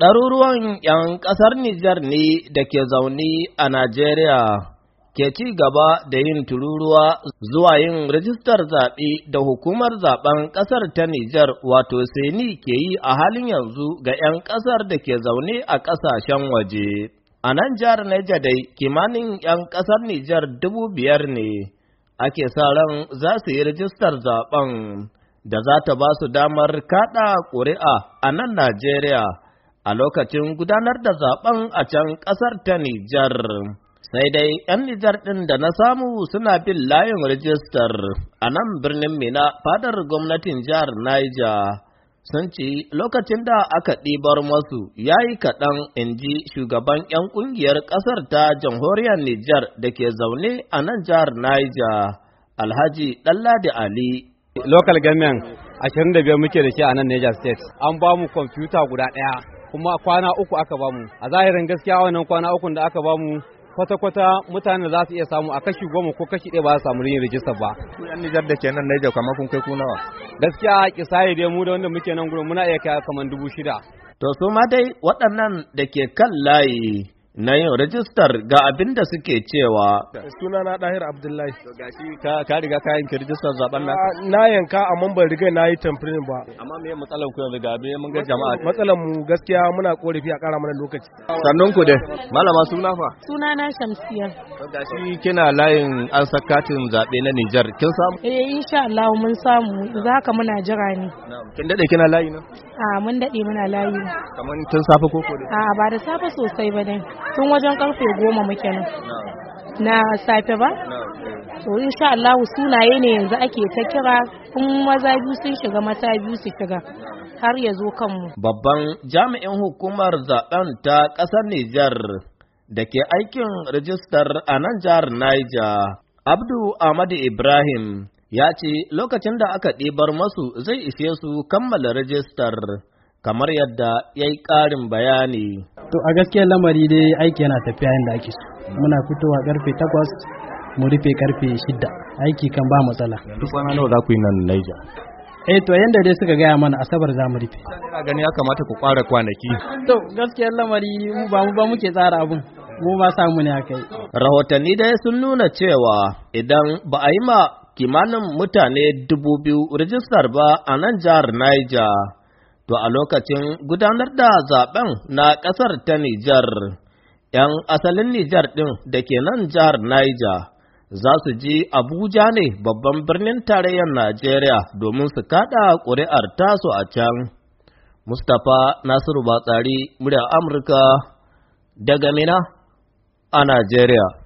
Ɗaruruwan ‘yan ƙasar Nijar ne da ke zaune a Najeriya ke ci gaba da yin tururuwa zuwa yin rijistar zaɓe da hukumar zaɓen ƙasar ta Nijar wato Seni ke yi a halin yanzu ga ‘yan ƙasar da ke zaune a ƙasashen waje. A nan jihar Neja dai kimanin ‘yan ƙasar Nijar dubu biyar ne ake sa ran za su yi rijistar zaɓen da za ta ba su damar kaɗa ƙuri'a a nan Najeriya. a lokacin gudanar da zaben a can ƙasar ta Nijar. Sai dai ‘yan Nijar ɗin da na samu suna bin layin rijistar a nan birnin Mina fadar gwamnatin jihar Niger. Sun ci lokacin da aka ɗibar masu ya yi kaɗan in ji shugaban 'yan ƙungiyar ƙasar ta jamhuriyar Nijar da ke zaune a nan jihar Niger, Alhaji Ɗanladi Ali. Local government 25 muke da shi a nan Niger State. An ba mu kwamfuta guda ɗaya kuma kwana uku aka bamu a zahirin gaskiya wannan kwana uku da aka bamu kwata-kwata mutane za su iya samu a kashi goma ko kashi ɗaya ba su samu yin rijistar ba. Ku yan Nijar da kenan na kamar kun kai kunawa? Gaskiya kisaye dai mu da wanda muke nan gurin muna iya kai kamar dubu shida. To su ma dai waɗannan da ke kan layi na yin rajistar ga abin da suke cewa. Suna na ɗahir Abdullahi. Gashi ka riga ka yanke rajistar zaben na? Ah, na yanka amma ban riga na yi tamfirin ba. Amma me matsalar ku yanzu ga abin mun ga jama'a. Matsalar mu gaskiya muna korafi a ƙara mana lokaci. Sannan ku dai. Malama suna fa? Suna na Shamsiya. Gashi kina layin an sakatin zaɓe na Nijar kin samu? Eh insha Allah mun samu za ka muna jira ne. Kin daɗe kina layi na? A ah, mun daɗe muna layi. Kamar tun safe ko ko? A ah, ba da safe sosai ba dai. tun wajen karfe goma muke nan na safe ba eh. to insha Allah sunaye ne yanzu ake ta kira kun maza biyu sun shiga mata biyu su shiga har ya zo kanmu babban jami'in hukumar zaben ta ƙasar Nijar da ke aikin rajistar a nan jihar Niger Abdu Ahmad Ibrahim ya ce lokacin da aka ɗibar masu zai ishe su kammala rajistar kamar yadda ya yi ƙarin bayani. to a gaskiyar lamari dai aiki yana tafiya yadda ake so muna fitowa karfe takwas mu rufe karfe 6 aiki kan ba matsala Yadda kwana nawa za ku yi nan Niger eh to yanda dai suka gaya mana asabar za mu rufe ina gani ya kamata ku kwara kwanaki to gaskiyar lamari mu ba mu ba muke tsara abun mu ba samu ne akai rahotanni dai sun nuna cewa idan ba a yi ma kimanin mutane dubu biyu rijistar ba a nan jihar Niger to a lokacin gudanar da zaben na ƙasar ta Nijar, ‘yan asalin Nijar ɗin da ke nan jihar Niger za su ji Abuja ne babban birnin tarayyar Najeriya domin su kaɗa ƙuri'ar tasu a can. Mustapha Nasiru Batsari, murya Amurka daga Mina a Najeriya.